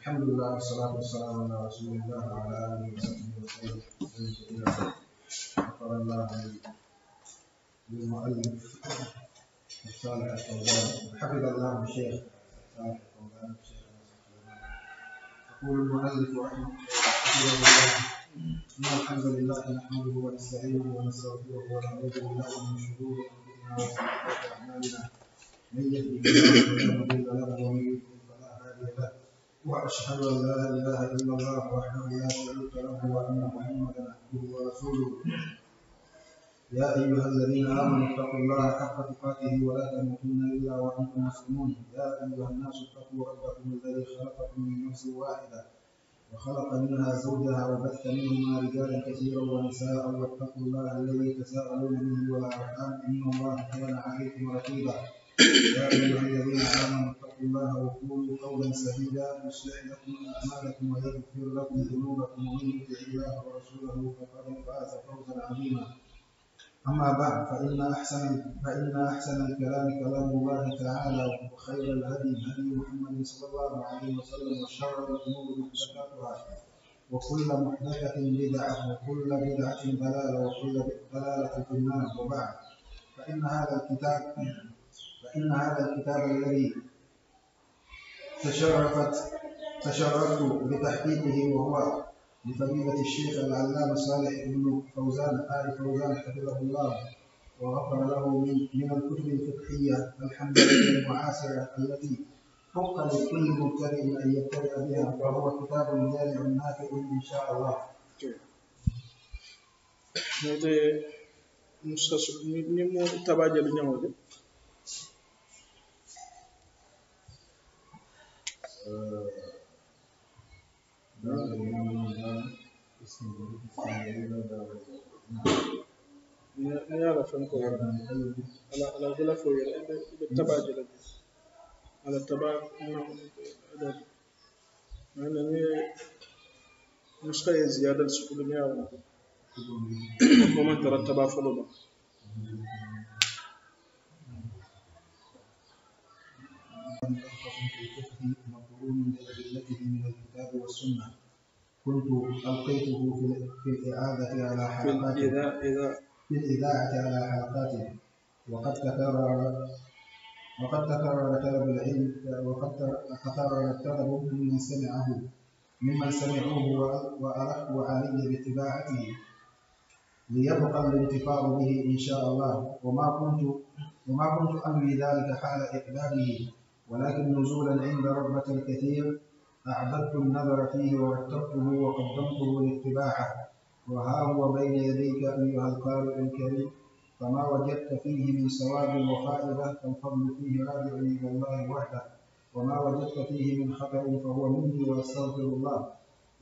الحمد لله والصلاة والسلام على رسول الله وعلى آله وصحبه وسلم أجمعين غفر الله للمؤلف الصالح الفوزان حفظ الله الشيخ صالح الفوزان الشيخ يقول المؤلف رحمه الله إن الحمد لله نحمده ونستعينه ونستغفره ونعوذ بالله من شرور أنفسنا وسيئات أعمالنا من يهده الله فلا مضل له ومن يضلل فلا هادي له وأشهد أن لا إله إلا الله وحده لا شريك له وأن محمدا عبده ورسوله يا أيها الذين آمنوا اتقوا الله حق تقاته ولا تموتن إلا وأنتم مسلمون يا أيها الناس اتقوا ربكم الذي خلقكم من نفس واحدة وخلق منها زوجها وبث منهما رجالا كثيرا ونساء واتقوا الله الذي تساءلون به والأرحام إن الله كان عليكم رقيبا يا أيها الذين آمنوا اتقوا الله وقولوا قولا سديدا يصلح لكم اعمالكم ويغفر لكم ذنوبكم ومن يطع الله ورسوله فقد فاز فوزا عظيما اما بعد فان احسن فان احسن الكلام كلام الله تعالى وخير الهدي هدي محمد صلى الله عليه وسلم وشر الامور محدثاتها وكل محدثه بدعه وكل بدعه ضلاله وكل ضلاله في النار وبعد فان هذا الكتاب فان هذا الكتاب الذي تشرفت تشرفت بتحقيقه وهو لفضيلة الشيخ العلامة صالح بن فوزان آل فوزان حفظه الله وغفر له من من الكتب الفقهية لله المعاصرة التي حق لكل مبتدئ أن يبتدئ بها فهو كتاب جامع نافع إن شاء الله. نوتي نسخة نمو تبادل نمو يعرف انكم على الغلاف بالتبع جلد على التبع أنا مش خي زيادة لسكون يا ومن ترتب فلوبا Thank you. يكون بأدلته من الكتاب والسنة كنت ألقيته في الإعادة على حلقاته في الإذاعة على حلقاته وقد تكرر وقد تكرر طلب العلم وقد تكرر الطلب ممن سمعه ممن سمعوه وألقوا علي باتباعته ليبقى الانتفاع به إن شاء الله وما كنت وما كنت أنوي ذلك حال إقدامه ولكن نزولا عند رغبة الكثير أعددت النظر فيه ورتبته وقدمته لاتباعه وها هو بين يديك أيها القارئ الكريم فما وجدت فيه من سواد وفائدة فالفضل فيه راجع إلى الله وحده وما وجدت فيه من خطأ فهو مني وأستغفر الله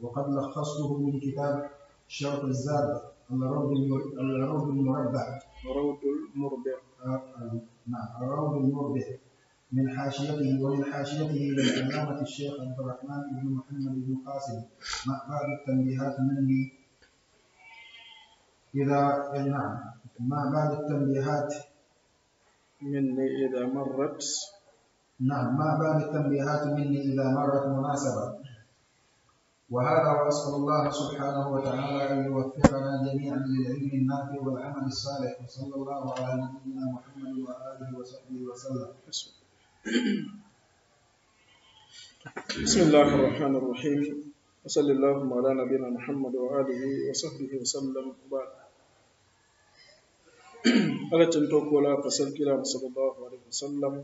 وقد لخصته من كتاب شرط الزاد الروض الروض المربع الروض المربع آه، نعم الروض المربع من حاشيته ومن حاشيته للعلامة الشيخ عبد الرحمن بن محمد بن قاسم مع بعض التنبيهات مني إذا نعم مع بعض التنبيهات مني إذا مرت نعم مع بعض التنبيهات مني إذا مرت مناسبة وهذا وأسأل الله سبحانه وتعالى أن يوفقنا جميعا للعلم النافع والعمل الصالح وصلى الله على نبينا محمد وآله وصحبه وسلم بسم الله الرحمن الرحيم وصلى الله على نبينا محمد وآله وصحبه وسلم وبعد على تنتوك ولا قصر كلا صلى الله عليه وسلم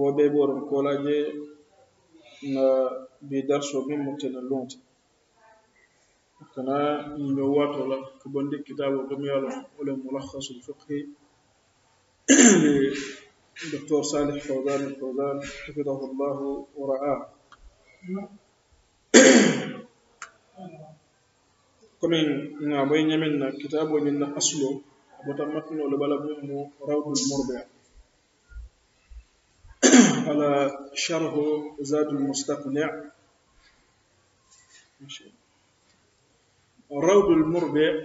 وبيبور كولاجي بدرس من اللونت كنا نوات ولا كبندي كتاب وقميال ولا ملخص الفقه الدكتور صالح فوزان الفوزان حفظه الله ورعاه كمين نعم، إن أبين يمنا كتاب ويننا أصله متمتن لبلا بمو روض المربع على شرح زاد المستقنع الروض المربع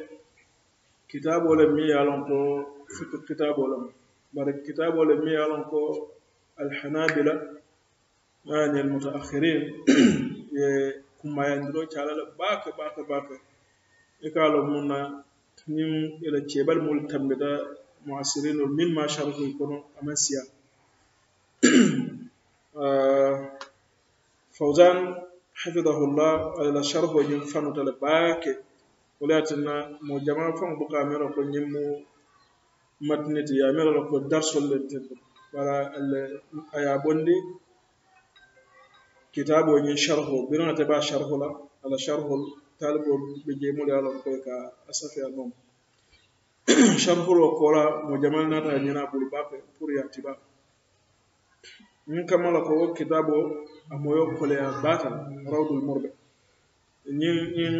كتاب ولم يعلمه في كتاب ولم يعلمه بر الكتاب ولم يلنكو الحنابلة يعني المتأخرين كما يندرو تعالى باك باك باك يقالوا منا نيم إلى جبل ملتمدة معاصرين من ما شاركوا يكون أمسيا فوزان حفظه الله على شرح وجن فنو تلباك ولاتنا مجمع فنو بقى ميرو كنيمو matiniti ya mera ko darsol le teddo wala aya bondi kitabo nyin sharho birona te ba sharho la ala sharho talibo be je mo dalo ko ka asafi alom sharho lo kola mo jamal nata nyina bul bape pour ya tiba min kamala ko kitabo amoyo kole ya bata rawdul murbe nyin nyin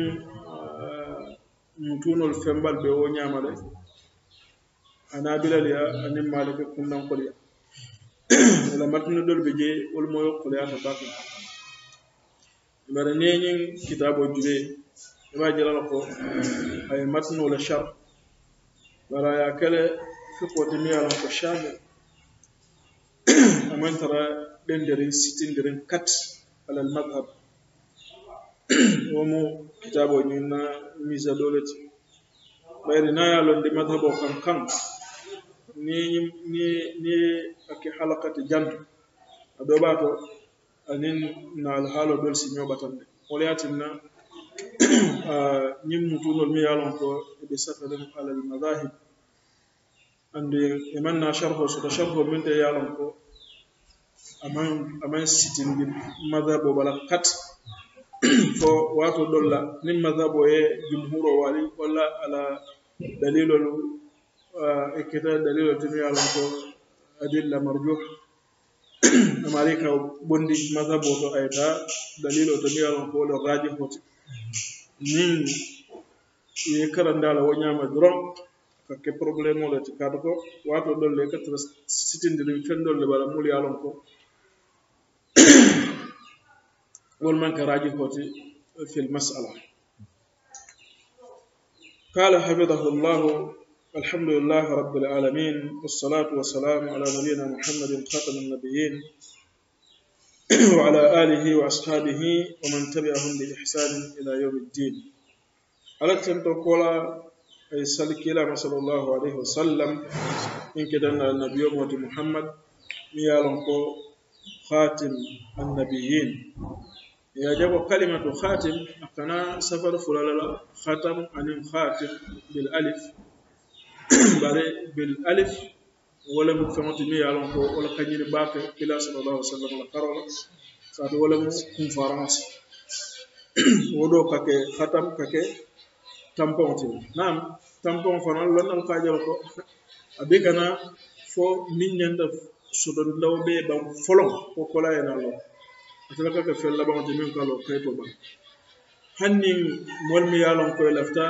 ah, mutunol fembal be o nyamale anabilaliya anin malike kunnankoliya ala matino dol be je wol moyo koliya to bak bara neñin kitabo jure ima jirala ko ay matino le char bara ya kele fikoti miyalan ko shage aman tara ɗenderin sitindirin kat alal madhab womo kitabo ñin na misa dolet ɓayri na yalonde madhabo kan kan ni ni ni aki halakati jandu ado ba anin na alhalo dol si nyoba tan de wala yatin na nyim mutu mi yalon ko be safarin ala al madahib ande iman na sharho so sharho min de yalon ko aman aman sitin bi madhabo bala kat fo wato dolla nim madhabo e jumhuro wali wala ala dalilolu الكتاب دليل الجميع على أدلة مرجوح أمريكا بندي مذهب وضع أيضا دليل الجميع على قول الراجح نين يكرن دالا ونعم درم كي بروبليم ولا تكادكو واتو دول لك ترس ستين دلو كن دول لبالا مولي على قول والمنك راجح في المسألة قال حفظه الله الحمد لله رب العالمين والصلاة والسلام على نبينا محمد خاتم النبيين وعلى آله وأصحابه ومن تبعهم بإحسان إلى يوم الدين على تنتقل أي سلك إلى صلى الله عليه وسلم إن كدنا النبي محمد ميالنكو خاتم النبيين يجب كلمة خاتم أقنا سفر فلالا خاتم عن خاتم بالألف bare bil alif wala mu fɛŋote miŋ ye a loŋ ko wo le ka ñini baa ke kila sallallahu alaihi wasallam la karo la kaatu wala mu confarance wo do ka ke hatam ka ke tampoŋo ti naam tampoŋo fanaŋ lonnal ka jalo ko a be kana fo niŋ ñanta sodondawo bee baŋ foloŋ ko kola ye na loŋ atala ka ke fel labaŋo ti miŋ ka lo kayito baŋ hanniŋ moolu miŋ ye a loŋ ko ye lafita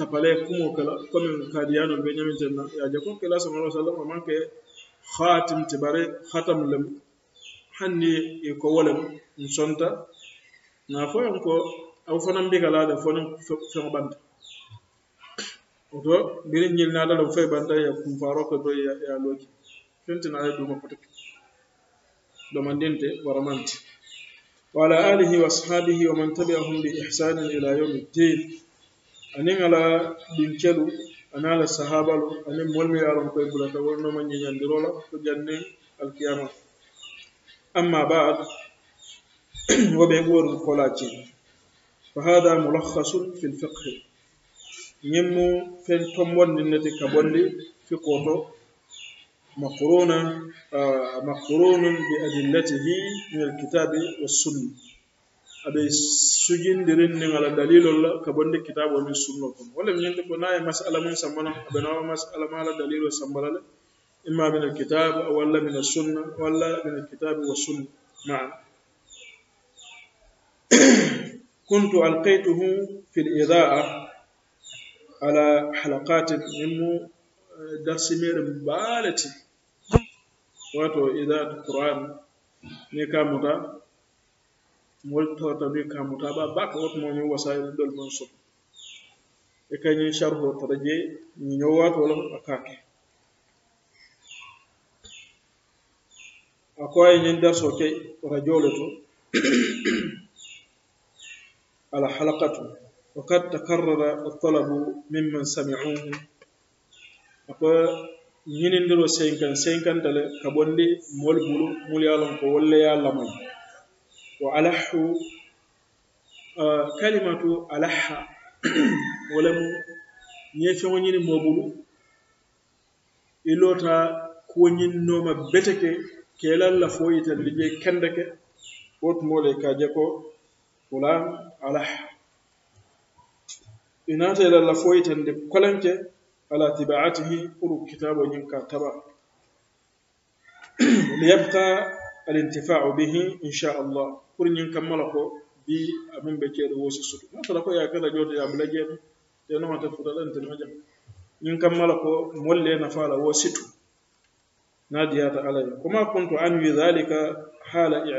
tapale kumo kala komin kadiyano be ñamin tenna yaje ko kila sallallahu alaihi wasallam manke khatim tibare khatam lem hanni e ko wolem nsonta na fo en ko aw fanam bi kala da fonin fen banta oto biri ñil na dala fay banta ya kum faro ko do ya loki fenti na ya duma kotak do mandinte waramanti وعلى wa man tabi'ahum bi بإحسان ila yawmi الدين aniŋ a la dinkelu ani a la sahabalu aniŋ moolu ye a loŋ ko i bulata wolu nooma ñeñandiro la fo janniŋ alkiyama amma baad wo be wolu kola ci fa hada mulakhasun fi lfiqh ñiŋ mu feŋ tombondi ne ti ka bondi fiqo to مقرونة مقرون بأدلته من الكتاب والسنة أبي sujindirin nin ala dalilol la ka bondi kitabo min sunno kono walla mi ñanta ko naye masala mum sambana abenawa masala ma ala dalilo sambala le imma min alkitab walla min assunna walla min alkitabi wa sunna maan كنت ألقيته في الإذاعة على حلقات من درس مير بالتي واتو إذاعة القرآن نيكامتا moltoto ni kamuta ba bak wot mo ni wasayil dol mon so e kanyi sharhu taraje ni nyowat wala akake akoy ni ndar so kay rajolato ala halaqatu wa qad takarrara at-talabu mimman sami'uhu apo ni ni ndiro 50 50 tale kabonde mol bulu mul yalon ko wolle ya lamay وألحوا آه، كلمة ألحا ولم يتمنين مبولو إلوتا كونين نوما بيتك كلا كيلا لفوية اللي جي كندك وطمولي كاجكو ولام ألح إنات إلا لفوية اللي بقلنك على تباعته قلو كتاب ونين كاتبا ليبقى الانتفاع به إن شاء الله pour ñiŋ kamma la ko bii amuŋ be keeriŋ woosi sutu niŋ tara ko ye a ke la jooto ye a bula jeema te noŋ ate futa la nte ko moolu le nafaa la wo situ niŋ a diyaata alla ye koma kuntu anwi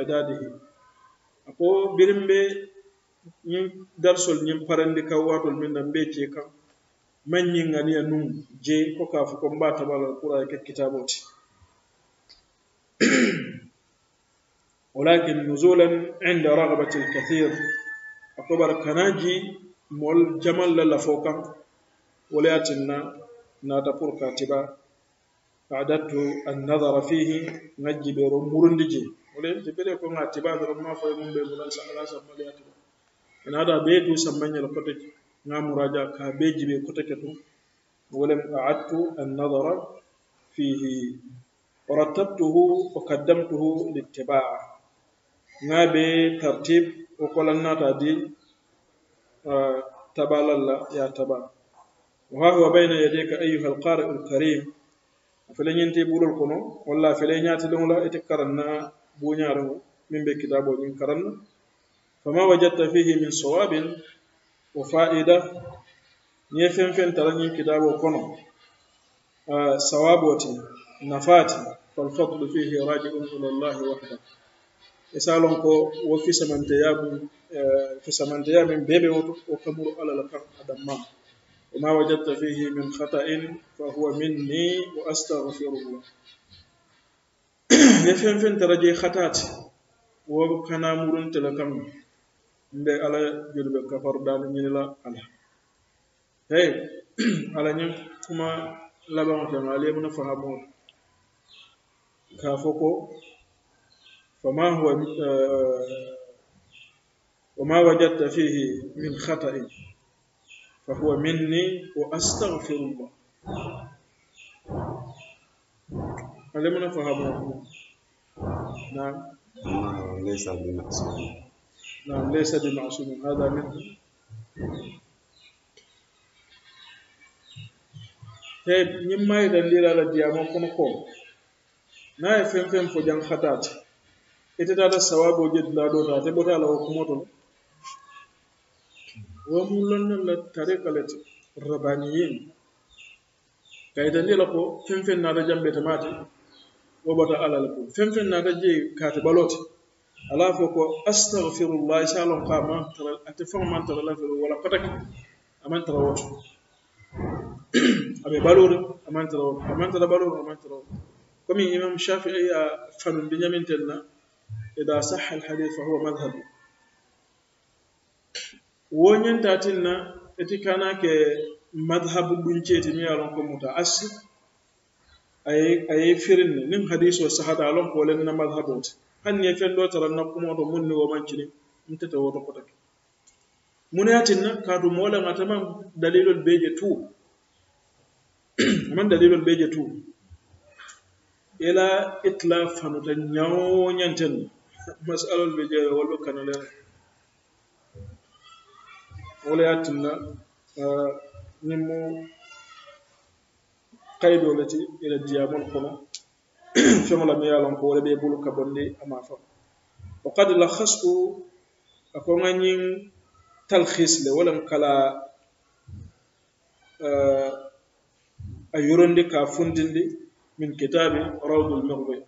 idadihi a ko biriŋ be ñiŋ parandi kaŋ waatol miŋ na mbe kee kaŋ maŋ ñiŋ aniya nuŋ ko ka ko mbe a taba ke kitaaboo ولكن نزولا عند رغبة الكثير أكبر كناجي مول جمال للفوق ولياتنا ناتبور كاتبا أعددت النظر فيه نجي برمورندجي ولياتي بليكو ناتبا درما فيمون بيمولان سألا سمالياتبا إن هذا بيتو سمعني لكتك نعم راجع كابيجي بكتكتو ولم أعدت النظر فيه ورتبته وقدمته للاتباع nga be tartib wo kolan nata di tabalal la ya taba wa huwa bayna yadayka ayyuha alqari'u alkarim fele ñinti bulul kono walla fele ñaati lon la ite karanna buñaaro min be kitabo ñin karanna fama wajadta fihi min sawabin wa fa'ida ñe fen fen tara ñin kitabo kono sawaboti nafati فالفضل فيه راجع إلى الله وحده e salon ko wo fisamanteyamu fisamanteyamin e, bebe woto o kamuru alalah kan adam ma o ma wajadta fihi min khatain fa huwa minni wa astahfirullah e fenfentara je khatate wo kanamuruntela kan nde ala jodɓe kafar dano ñinila ala ey ala ñin kuma laɓanoten aliyemna fahamoto ka fo ko فما هو آه، وما وجدت فيه من خطأ فهو مني وأستغفر الله هل من فهم نعم. نعم ليس بمعصوم نعم ليس بمعصوم هذا من طيب نيم ماي دان ليلا لا ديامو كوم كوم ناي فين فو جان خطاتي itetata sawabo jedi la dota ate bota la wo kumoto la wo lonna la tarika le ti rabaniyin kayitandi la ko feŋ feŋ naata jambe temaate wo bota ala le ko feŋ feŋ naata jee kaate baloo ti ala fo ko astahfirullahi sa lon ka man tara ate faŋo man tara lafiro wala pataki aman tara woto aɓe balore aman tara woto aman tara balore aman tara woto comme imam shafii a fanundi ñaminten na idha sahha alhadith fa huwa madhhab wonyen tatinna eti kana ke madhhabu dunceti mi yalon ko muta assi ay ay firin nin hadiso sahada alon ko len na madhhabot han ne fen do taran na kuma to munni wo mancini mtata wo to kotake munayatinna kadu mola ngataman dalilul beje tu man dalilol beje tu ila itla مسألة بجاية ولو كان لا ولياتنا آه، نمو قيد ولتي إلى الديام القنا فيما لم يعلم قول بيبول كبندي أما فا وقد لخصت أكون أنين تلخيص لولم كلا آه، أيرندي كافندي من كتاب روض المغبي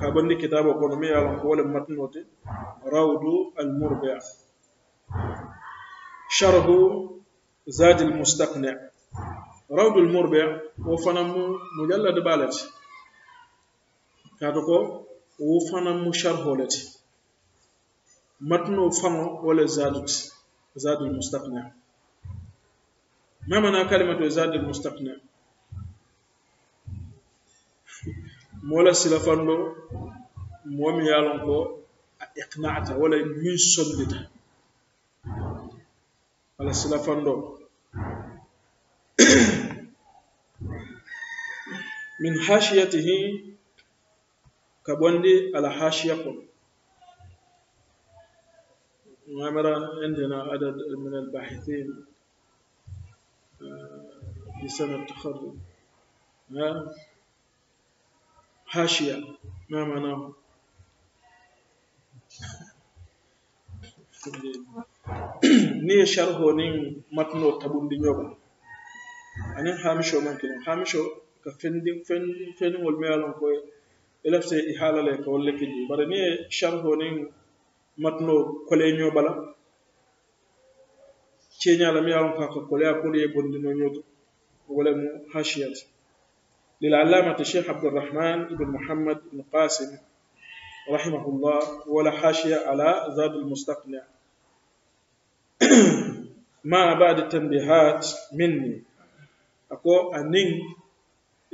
kabanni kitaaba kono mi yawan ko wolen matnote rawdu almurbia sharhu zadi lmustaqni rawdu lmurbia wo fanan mu mujallad balati kaatu ko wo fanan mu sharholeti matno faŋo wole zadut zadu lmustaqni mamana kalimatu zadi lmustaqni مولا سلافاندو موم يالونكو اقناعتا ولا نوي سوندتا مولا سلافاندو من حاشيته كبوندي على حاشيه مؤامرة عندنا عدد من الباحثين في آه، سنة التخرج آه، haşiye. Ne manam? ni ye sharho ni matno tabundi ɲɔgɔn ani hamisho man kelen hamisho ka fendi fendi fendi wol me yalon ko ila se ihala le ko le kiji bare ni sharho ni matno kole ɲo bala cenya la me ka ko kole akole ye bondi no ɲoto wala mu hashiyat للعلامة الشيخ عبد الرحمن بن محمد بن قاسم رحمه الله ولا حاشية على زاد المستقنع ما بعد التنبيهات مني أكو أنين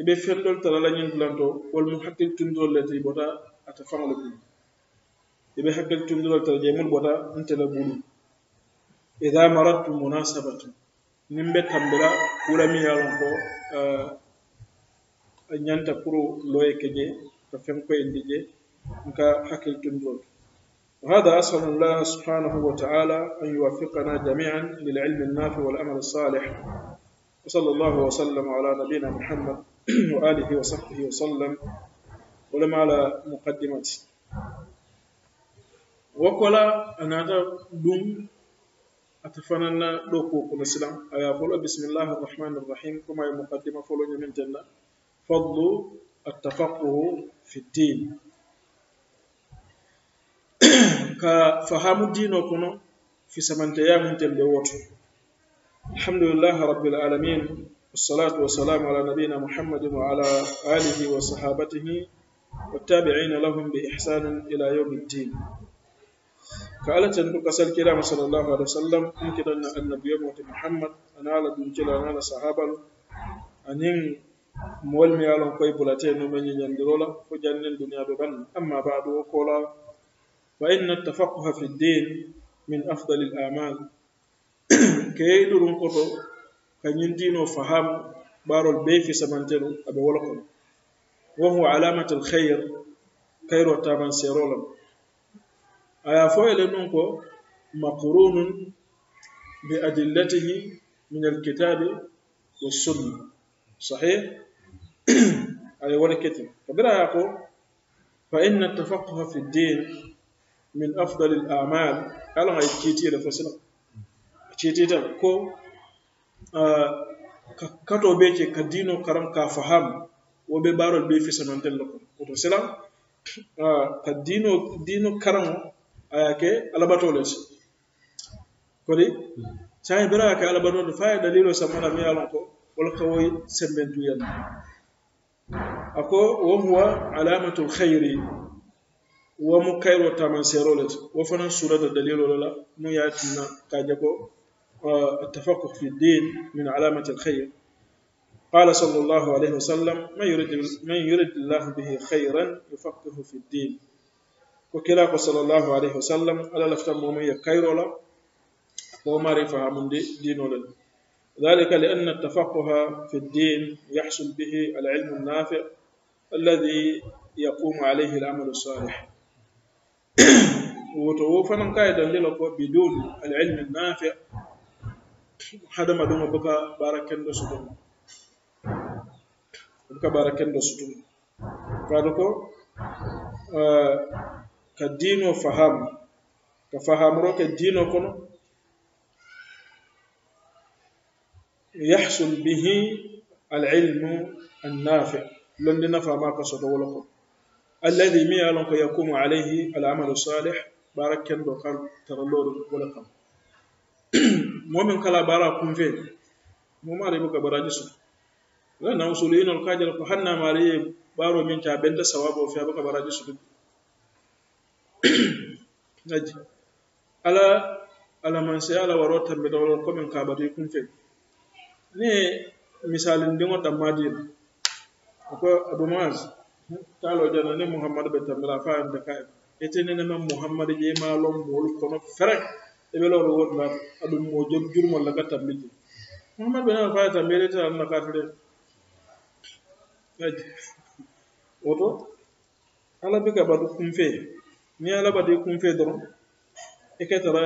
إبي فندول ترى لنين بلانتو والمحقق تندر التي بوتا أتفعل لكم إبي حقق تندر ترى جيمون بوتا انت لبولو إذا مرضت مناسبة نمبت تنبلا ولا ميالون آه، ñanta pour loye keje ka fenkoyindi je nka hakkiltundol وهذا أسأل الله سبحانه وتعالى أن يوفقنا جميعا للعلم النافع والعمل الصالح وصلى الله وسلم على نبينا محمد وآله وصحبه وسلم ولم على مقدمة وقال هذا دوم أتفنن لوكو كما سلام أيا بسم الله الرحمن الرحيم كما مقدمة فلو من جنة فضل التفقه في الدين كفهم الدين dino في fisamanteya أيام tembe الحمد لله رب العالمين والصلاة والسلام على نبينا محمد وعلى آله وصحابته والتابعين لهم بإحسان إلى يوم الدين كألا تندوك سل كلام صلى الله عليه وسلم يمكن أن النبي محمد أنا على دون أنا صحابة أنين مول ميالون كوي بولاتي نو ماني نين دولا كو جانن دنيا بان اما بعد وكولا فان التفقه في الدين من افضل الاعمال كي دورون كوتو كاني دينو فهم بارول بي في سمانتيرو ابي ولكم وهو علامه الخير خير تابان سيرولا ايا فويل نونكو مقرون بادلته من الكتاب والسنه صحيح أي ولا كتب يقول فإن التفقه في الدين من أفضل الأعمال ألا هاي كتير فسنا كتير كو كاتو بيك كدينو كرم كفهم وببارو البي في سنة سلام وتسلام كدينو دينو كرم أيكي ألا بتولش كذي سايبرا كألا بنو فاي دليل سمعنا ميالكم والقوي سمنت يلا أكو وهو علامة الخير ومو كير وتامن سيرولت وفنا سورة الدليل ولا مو ياتنا كاجكو آه، التفقه في الدين من علامة الخير قال صلى الله عليه وسلم من يرد من يرد الله به خيرا يفقهه في الدين وكلاك صلى الله عليه وسلم على لفتم ومن يكيرولا ومعرفه رفع من دينولا دي ذلك لأن التفقه في الدين يحصل به العلم النافع الذي يقوم عليه العمل الصالح وتوفنا قائدا للقوة بدون العلم النافع هذا ما دوم بك باركين الله سبحانه بكا باركين الله سبحانه فادوكو آه، كدين وفهم كفهم روك الدين وكونو يحصل به العلم النافع لن نفع ما قصد ولكم الذي مي لنك يقوم عليه العمل الصالح بارك كن دوكال ترلور ولكم مؤمن كلا بارا كون في مو ما ريبو كبراجس لا نوصل إن الكاجل ماري بارو من كابند سواب وفي أبو كبراجس نجي على على من سيالا وروتا بدور كومن كابري يكون في ni misali ndiŋo dammadiin ako abumas taalo jana ni muhammadu be tambira fa ante ka etene nema e muhammadu jeemaalon moolu kono ferek ebeloore wonnaat aɗum mo jom jurmol laka tambiti muhammadu be nema fa e tambire ta anna kafire aj woto alabe ka batu kumfe ni alabade kumfe doron e ketara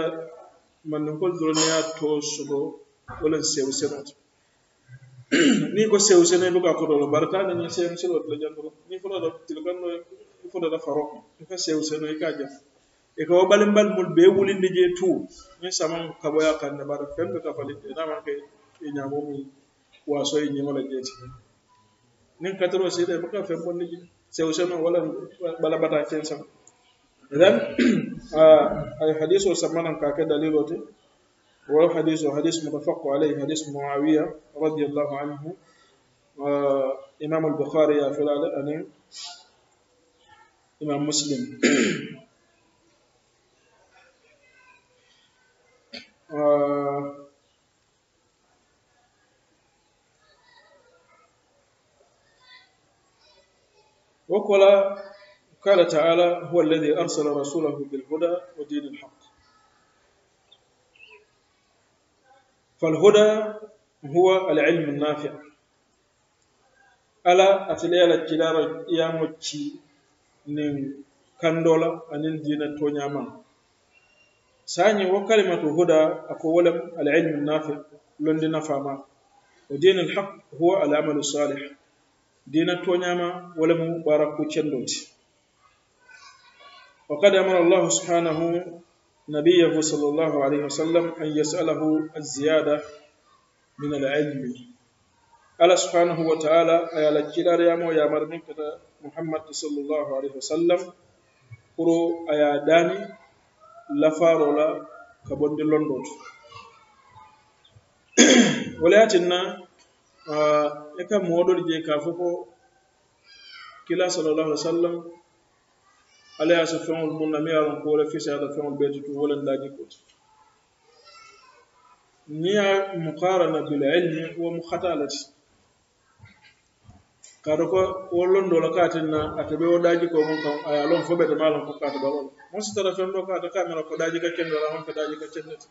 mannikol doro ni a to sogo wolen sew senoto ni ko sew sene lu ka ko do bar ta na sew selo do jandu ni fo do til kan no fo do da faro ka sew sene ka ja e ko balim bal mul be wulinde je tu ni sama ka boya kan na bar fembe ka falit na man ke e nyamo mi wa so e nyimo la je ti ni katro se de ka bon ni sew sene wala bala bata ken sam idan al hadisu samana ka ka dalilote wa حديث hadith mutafaq alayhi hadith muawiya radiyallahu anhu امام البخاري في ya امام مسلم وقال قال تعالى هو الذي أرسل رسوله بالهدى ودين الحق فالهدى هو العلم النافع ala ati le ala kidaro yango ci nin kandola anin dina to nyama sanyi wa kalimatu huda ako wala al ilm an nafi londi nafama wa dina al huwa al amal salih dina to nyama wala mu baraku cendoti wa qad amara allah subhanahu nabiyahu sallallahu alayhi wasallam an yasalahu az-ziyada min al ala subhanahu wa taala a ye ala kilariyamo yamarimin kata muhammad sallallahu alaihi wasallam kuro a ye dani lafaro la ka bondi londo to walayatin na i ka moodol je k'a fo ko kila sallallahu alaihi wasallam ala ye a so feŋol mun na miŋ ye a loŋ ko wo le fisayata feŋol bee tutu wo le ndaaji koti niŋ ye mukarana bililmi wo mu hata le ti kado ko wo londola katin na ate be wo ko mon kam ay alon fobe to malon ko kata balol mo si tara fendo ko kata kamera ko ɗaji ka kendo la hon ko ɗaji ka kendete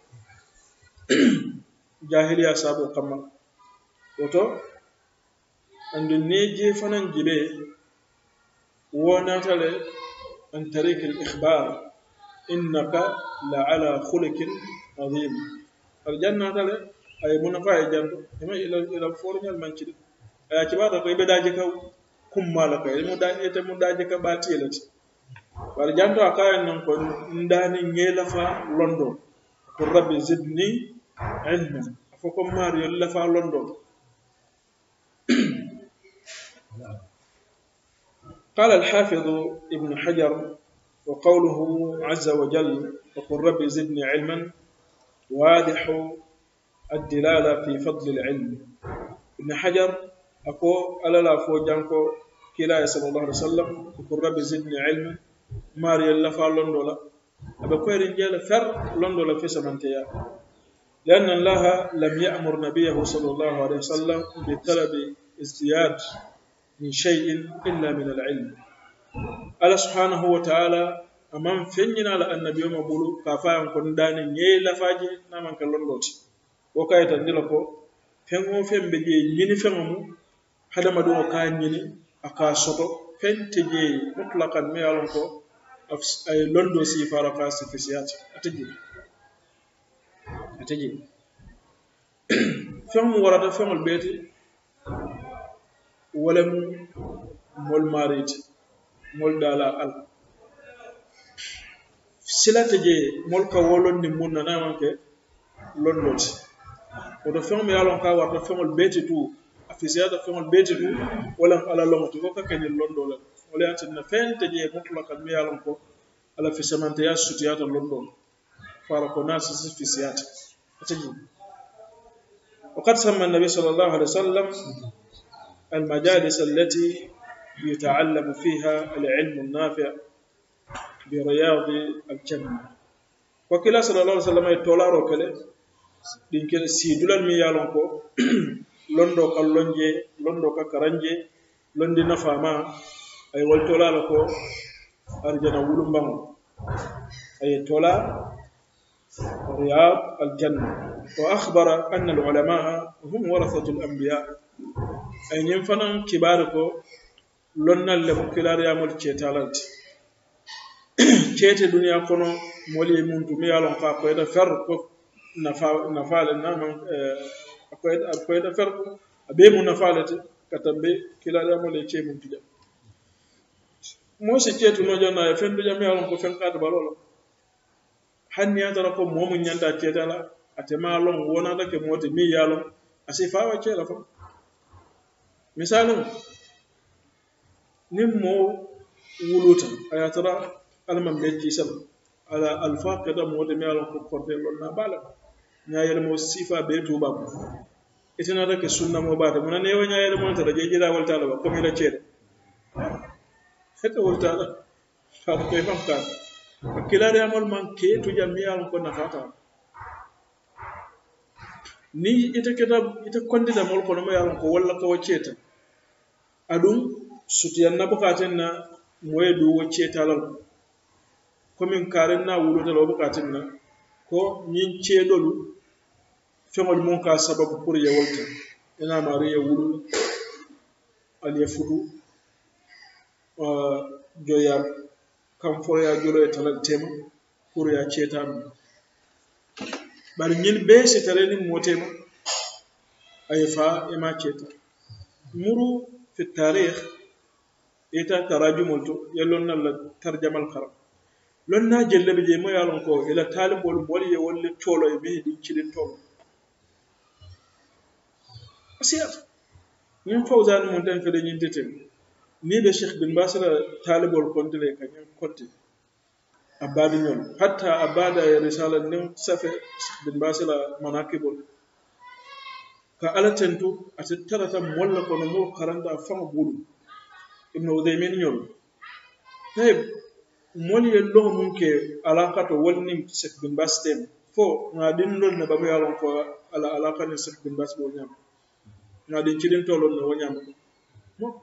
jahiliya sabo kamma woto ande neje fanan jibe wona tale an tariki al ikhbar innaka la ala khuluq azim al janna tale ay munafa e janto ema ila ila forñal manchi kibata ko ibe daje ka kummala ka ilmu da ite mu daje ka batila ti bar janto akayan nan ko ndani ngela fa londo ko rabbi zidni ilma fo ko mari yolla fa londo قال الحافظ ابن حجر وقوله عز وجل وقل رب زدني علما واضح الدلالة في فضل العلم ابن حجر ako ala la fo janko kila ya sallallahu alaihi wasallam ko rabbi zidni ilma mariya la fa londo la abe ko ren jela fer londo la fesa mantiya لأن الله لم يأمر نبيه صلى الله عليه وسلم بطلب ازدياد من شيء إلا من العلم الله سبحانه وتعالى أمام فنجنا على النبي يوم بولو كفاهم كنداني نيلا فاجي نامن كلون دوتي وكايتا نيلكو فنغو فنبجي نيني فنغمو hadamadenw k'a ɲini a k'a sɔgɔ fɛn tɛ ɲɛ ye mutlakan min y'a lɔn ko a ye lɔn fara k'a sifisiya ti a tɛ jeli a tɛ jeli fɛn mun warata fɛn mun bɛɛ ti walemu mɔli sila tɛ jɛ mɔli ka wɔlɔn ni mun na n'a man kɛ lɔn dɔ ti o tɛ fɛn mun k'a warata fɛn mun bɛɛ ti في زيادة في البيجر ولم على لهم تقولك كن لندن ولا أنت نفين تجيه مطلقا مي على على في سمانتيا سوتيات لندن فارق الناس في سيات أتجي وقد سمى النبي صلى الله عليه وسلم المجالس التي يتعلم فيها العلم النافع برياض الجنة وكلا صلى الله عليه وسلم يتولى ركلة لكن سيدولا مي على londo ka lonje londo ka karanje londi nafama ay wal tola la ko arjana wulumbang ay tola riyab al janna wa akhbara anna al ulama hum warathatu al anbiya ay nim fanan kibar ko lonnal le ko kilar ya mul cetalante cete duniya kono moli mun tumi yalon fa ko da fer ko nafa nafa le na eh, akwai akweda farko abe mun nafalete da kilale amole che mun tija mosi ke tuno jana ya fendu jami'a alon ko fen kadu balolo hanni tara ko la nyanda cetala atema alon wona da ke moti mi yalon asi fawa cela fa misalin nim mo wuluta tara alman bejji sal ala alfaqida modi mi alon ko korde lon na balaka ñayelmo sifa be tubako itinata ke sunnamo bata muna newa ñayelmo tata jejira woltala ba komila ceede hete woltala ala koy famkata hakkilare amol man ke tuja miyalon ko nafata ni ita keta ita kondilamol konomo yalon ko walla kawo ceeta aɗum sutiyanna bukaten na moye duwo ceetalal komin karen na wulotala wo bukatin na ko ñin ceedolu feŋol muŋ ka a sababu puru ye wolta i naa maaru ye wulu ali ye futu uh, joya kam fo jolo ye talal tema puru ye ceetaa ma bari ñin bee si tare niŋ moo tema a ye faa i maa ceeta muru fi tarih ita tarajumol to ye lon na la tarjamal kara lon naa jelle be je mo ye a lon ko ila taalimolu moolu ye wolu le coolo e mihi ɗin cilin tooma asiyat min fawzani mun tan fede ñin tete ni da cheikh bin basra taalibol kontele kañum kotte a abadi ñon hatta abada ya e risala nden safe cheikh bin basra manakibol ka ala tentu ate tarata molla na mo karanta fa buulu Ibn udaymin ñol tayib mol ye lo mun ke alakato wol niŋ cheikh bin bas tem fo na din lol ne babu yaron a ko ala alaka niŋ cheikh bin bas bol ñama ngaɗin ciɗin tolon no woñama ɗum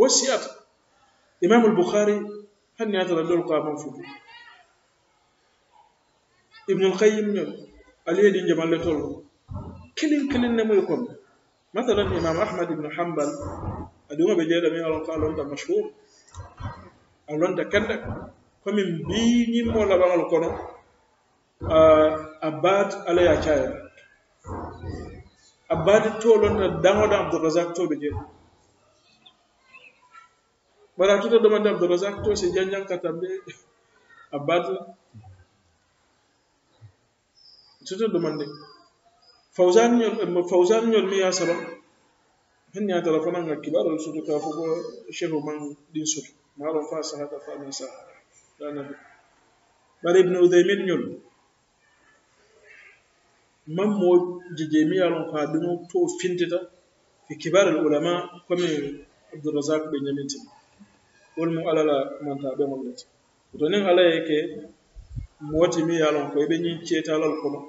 wasiyat imamu lboukhari hanni atala ndol kaman futu ibnulkayim ñol aliyeɗi jamalle tolno kilin kilin ne moy kon mathalan imam ahmad ibnu hambal aɗuma ɓe jeeɗa min alon ko alonta mashhur alonta kende komin mbiñimmo laɓagal kono abbad alaya ya chaya abbad to lonta dango da abdul razak to be je bara to da man abdul razak to se janjan ka abbad to to tuta man de fawzan yol fawzan yol mi ya saba hin ya telefona nga kibarul sudu ka fugo shehu man din su ma ron fa hada fa min sa dana bari ibn udaymin yol mammo jejemiya lon ko ɗum to findita fi kibar al ulama comme abdourazak ɓe ñamintin wolmo alala manta ɓe mollete to nin ala yeke mo wati mi yalon ko ɓe ñin ceetalal kono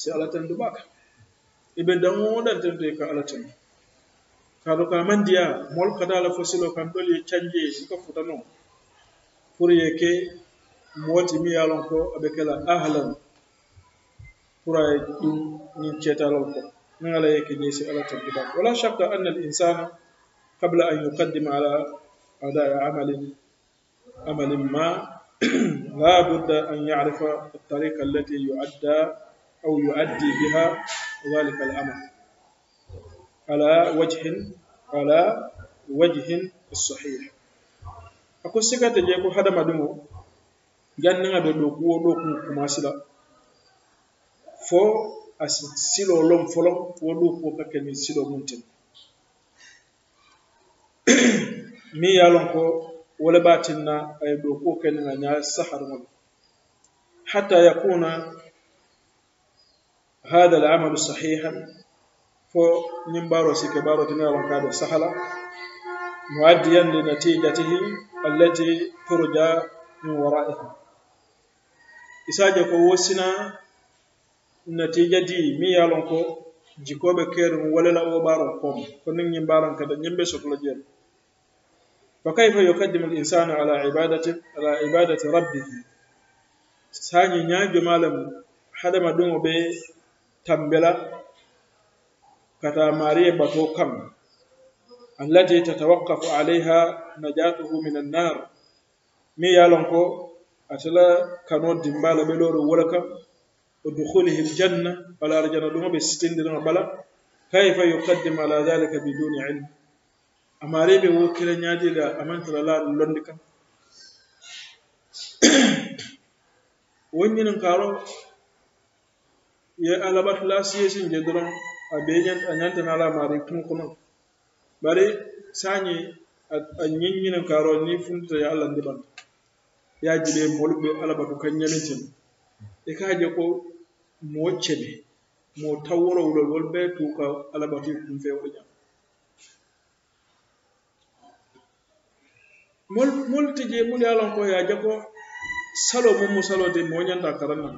si ala tan duɓaka eɓe dangoɗanten to ka ala tan kaɗo ka mandiya mol kadala fosilo kam ɗol ye canje ka futano pour yeke mo wati mi yalon ko aɓe kela ahlan فراي من على على ولا شك أن الإنسان قبل أن يقدم على أداء عمل عمل ما لا بد أن يعرف الطريقة التي يؤدى أو يؤدي بها ذلك العمل على وجه على وجه الصحيح أكو سكة تجيكو هذا مدمو جنة بدو كو دو كو fo a siloo lom folom wo luukoo ka ke niŋ siloo muŋ ti miŋ ye a loŋ ko wo le be a tinna a ye dookuo ke niŋ a hatta yakuna hada al amalu sahihan fo ñiŋ baaroo si ke baaroo ti ka a be muaddiyan li natijatihi allati turja min waraiha isaaje ko wo natija di mi yalon ko jikoɓe keerum walala o ɓaron kom ko nin ñin ɓaran kada ñimɓe sohla jeel fa kayfa yukaddimu l insanu ala ibadati ala ibadati rabbihi sañi ñaajo malam hadama ɗum o ɓe tambela kata mariye bato kam allati tatawakkafu alayha najatuhu min annar mi yalon ko atala kano dimbala ɓe loɗo wola kam ودخوله الجنة على رجل دوما بستين دينا بلا كيف يقدم على ذلك بدون علم أما ريبي وكلا نادي لا أمان تلا لا لندك وين نكارو يا بات لا سيسين جدران أبيجن أنت نالا ماري كم بري ساني sanyi a ñiññinen karo ni funta ya allah ndiban yajiɓe molɓe alabato kan ñalinten e kaje ko moo cene moo tawworo wulol wol bee tuu ka alabati kunfe wo ñam mol mol tije mul ye lon ko ye a salo mu mu salo te moo ñanta karan nan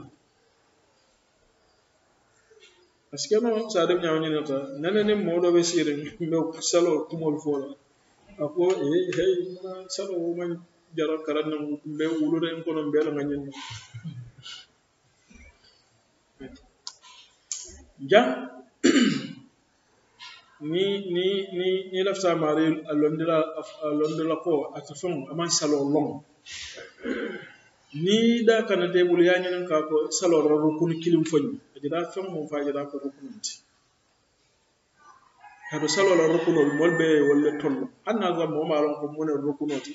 parce que no sadem ñaw ñu nata nene ni moo do be siire mbe salo kumol fo la ako e eh, hey eh, salo wo man jara karan nan mbe wulu ren kono mbe la nga ja ni ni ni ni lafta mari alondela alondela ko atafon aman salo long ni da kana de bulu yani nan ka ko salo ro kun kilim fanyi ajira fen mo fa ajira ko rukunti kado salo ro rukuno mol be wala tollo anna ga mo ma ron ko mo ne rukunoti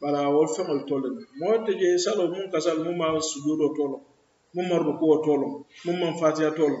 bara wol fen wol tollo mo te je salo mun kasal mo ma sujudo tollo mo ma rukuo tollo mo ma fatiha tollo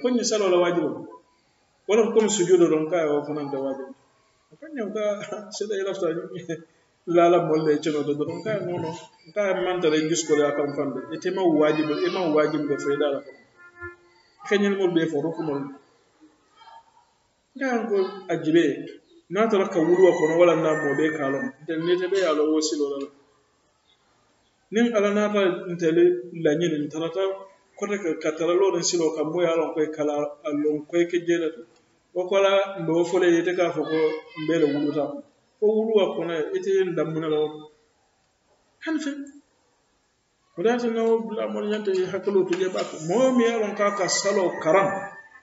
konye salo la wajibu wala ko mi sujudo don ka o fana da wajibu konye ka sida ila fta la la molle cheno do don ka no no ka man tare ngis ko ya kam fande ete ma wajibu e ma wajibu be fayda la kenyel mo be fo rukuno ngan ko ajibe na tara ka wuru ko no wala na mo be kalon den ne te be ya lo wosilo la nin ala na ta ntele la nyin tarata kote ka tara lonin silo kan mo ye a lon koye kala a lon koye ke jele o wo kola mbe wo fole ite k'a fɔ ko n be le wuluta fo wuluwa kɔnɔ ite ye n damuna la wo hani fe o de y'a to n'aw bila mɔriɲante ye hakiliw to ye b'a fɔ mɔgɔ min y'a lɔn k'a ka salo karan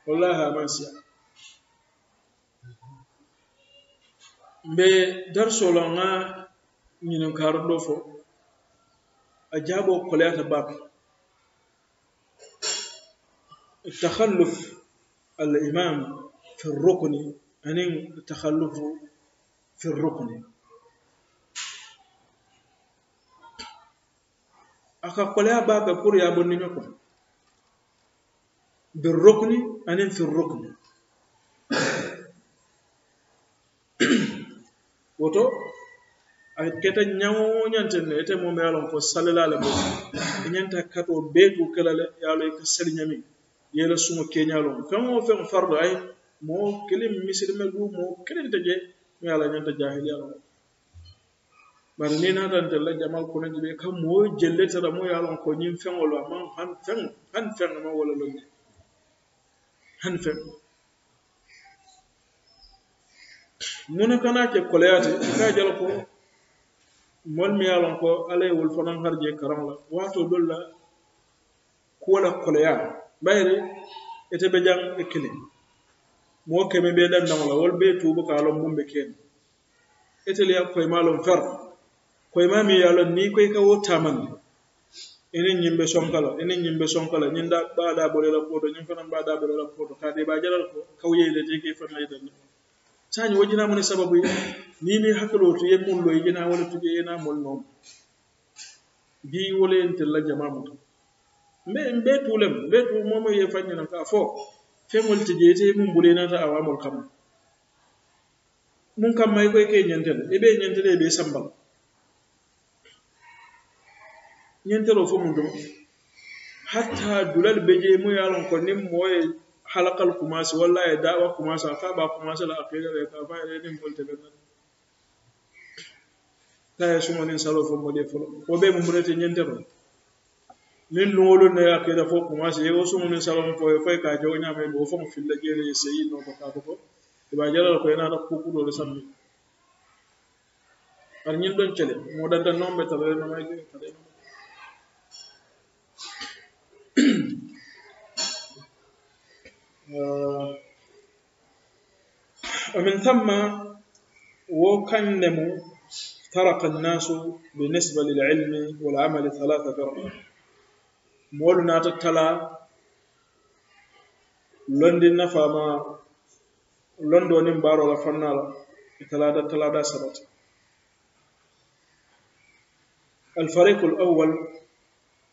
walahi a man siya n bɛ dariso la n ka ɲininkari dɔ fɔ a jaabo kɔlɛya tɛ b'a kan التخلف الإمام في الركن أن التخلف في الركن akakolea baga kuri ya bonni nyoko بالركن أن في الركن woto a keta ñawo ñantenne ete mo me yalon ko salilale bo ñanta kato betu kelale yalo ka sali ñamin yela suŋo keñalon feŋ wo feŋ fardo ay mo kelin misilime du mo kelin te mi ala ñanta jahiliya lon bari ni natante la jamal kono jibe ka moo jelletara mo ye ko ñin feŋo lo ama han feŋ han feŋ ma wala lon han feŋ muna kana ke koleyate ka jala ko mol mi ye ko ala wol fanan harje karaŋo la waato dol la kuwo bayri ete be jaŋ e kiliŋ moo keme bee dandaŋo la wolu bee tuubu ka a loŋ be keenu ite le koy koyimaa fer koyimaa miŋ ye a loŋ niŋ ka wo taamandi inin ñimɓe sonkala inin ñimɓe sonkala ñin da ɓa daɓole la pooto ñin fanan ɓa daɓole la pooto kaade ɓa jalal ko kawyeyde te ke fanlaydanne sañi wojinamone sababu ni ni hakkilo to ye mullo yina wala tuge yena mol noon bi wole entella jama n be tulem n be momo ye faŋ ñanaŋ ka fo feŋol ti je ite muŋ bulu inata awamol kamma muŋ kamma i ke ñente le be ñente e be sambal ñentero fo muŋ duma hatta dulal be je muŋ a loŋ ko niŋ moo ye halakal kumasi dawa kumasi a ba kumasi la aqida le ka fa yere niŋ moolu be nati ta ye suŋo niŋ salo fo moolu be muŋ bunete ñentero le nin luŋolu ne ye a kela fo kumase ye wo sumu niŋ saloŋ fo ye fo ye ka je wo ñaama lu wo faŋo filla jeele ye seyi noo ko kaa fo i b'a jala la ko yenaata kukuloolu sammi bari ñiŋ doŋ cele moo danta noŋ be tabale noma ye tare ومن ثم وكان ترك الناس بالنسبة للعلم والعمل ثلاثة فرق مولنا تتلا لندن londi لندن بارو لفنال baaroo la fanna la الفريق الأول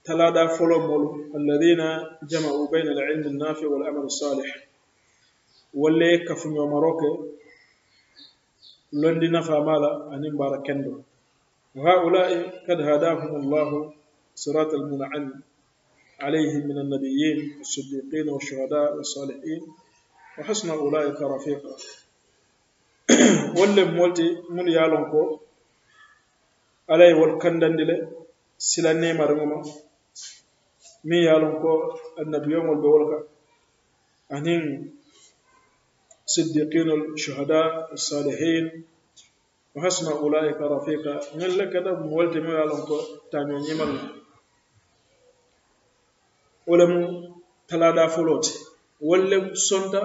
تلادا فولو مول الذين جمعوا بين العلم النافع والعمل الصالح واللي كفن ومروك لندن لندي نفع مالا أنين باركندو وهؤلاء قد هداهم الله صراط المنعم عليه من النبيين والصديقين والشهداء والصالحين وحسن أولئك رفيقا ولم ولدي من يالونكو علي والكندن دلي سلا نيمار موما مي يالونكو النبي يوم البولكا أهنين صديقين الشهداء الصالحين وحسن أولئك رفيقا من لك دم ولدي من يالونكو تاني نيمار موما wolemu talada folote wolle sonta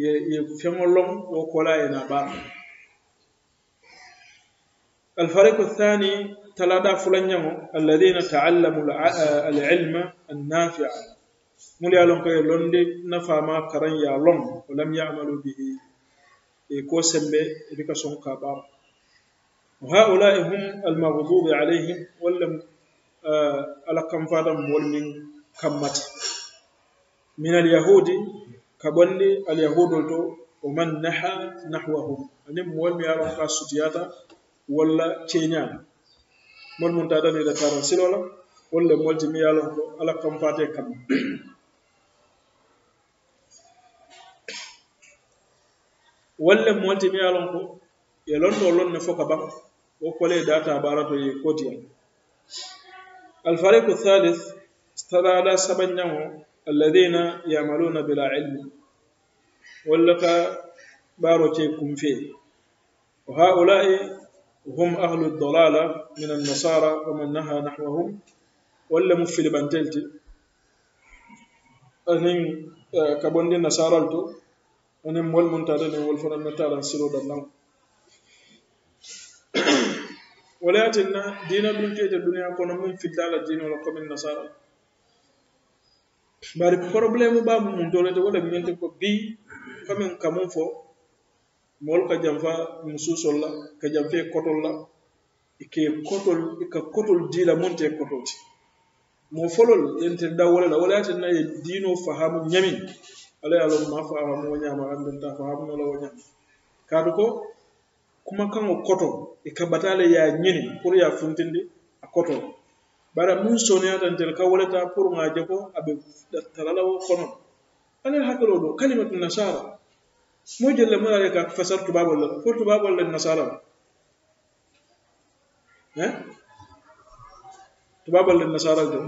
ye, ye feŋo loŋ wo kola ye na baama الفريق الثاني تلادا يمو الذين تعلموا العلم النافع مولي لون كاي لوندي نفا ما كران يا لون ولم يعملوا به كو سمبه بك سون كابا وهؤلاء هم المغضوب عليهم ولم آه، على كم فادم ولمن kammata min alyahudi ka ɓolli alyahudol to o man naha nahwahum anin mo wolmi yaron ka sutiyata walla ceñaani mol mum ta danida taran silola walla molti mi yalon ko ala kamfate kamma walla molti mi yalon ko e lonɗo lonne fo ka ban o kole data barato ye kotiyal alfariku thalith استلالا سبنيه الذين يعملون بلا علم ولك باروتيكم فيه وهؤلاء هم أهل الضلالة من النصارى ومن نهى نحوهم ولا مفل بنتلتي أنين آه، كبندي نصارى لتو أنين مول منتالين والفرن نتالا سلو دلنا ولكن دين الدنيا الدنيا كنا من في الدين ولا النصارى bari problème ba mun tolente wo labiñente ko bi famin kamun fo moolu ka janfa mususol la ka janfe kotol la ike kotol ika kotol dila mun te kotol ti moo folol yente da wala la wala yaten na ye fahamu ñamin ala ye lon ma fahamu wo ñama andenta fahamu la wo ñama ko kuma kaŋo koto i ka batale ye a pour ye funtindi a kotol bara mun soniyata ntel ka woleta pour ŋaje ko aɓe taralawo kono alal hakkilo do kalimatu nasara mo jelle marare ka fasar tubabol la fo tubabol len nasara la tubabol len nasaral te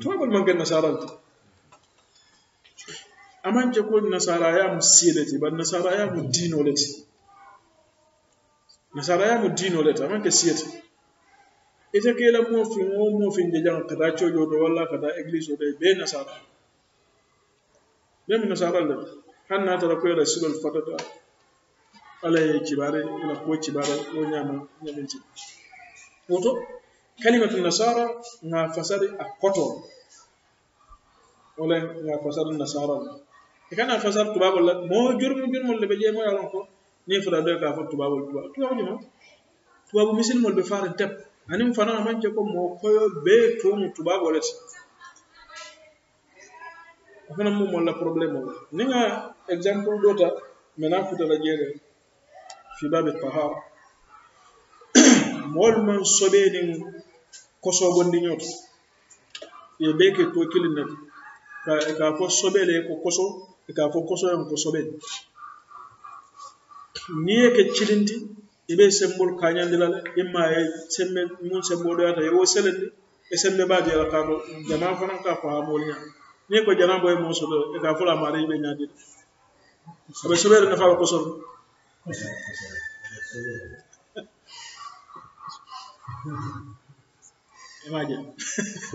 tubabol manke nasaral te amance ko nasarayamu siileti bar nasarayamu diinoleti nasarayamu aman ke siyete itakela mo fin o mo fin de jang kada chojo do wala kada iglis o e be nasara mem nasara le hanna tara ko rasul al fatata ala ye kibare ila ko kibare ko nyama nyamin ci woto kalimatu nasara nga fasari akoto wala nga fasari nasara e kana fasar tubabol la mo jurmu jurmol le be je mo yalon ko ni fura do ka fa tubabol tubabu tubabu mo tubabu misil mol be faare tepp ani mufana amaggyeko mwokoyo beetu omuntu babolesa afana mumolla problème ola ninga exemple dota mena futala jere fi babi tahara moolu man sobe nin kosogondiñoto ye bee ke to kilin nati ka fo sobe le ko koso ka fo koso en ko sobe ni ke cilindi ibe sembol kañandilale imma e sembe mun semboɗoyata yewo selende e sembe mbaji ala kaɗo jama fanan ka ko hamol ñam ni ko jana boye mo soɗo e ka fula mare yiɓe ñadide aɓe soɓede nafawa ko soɗo emaje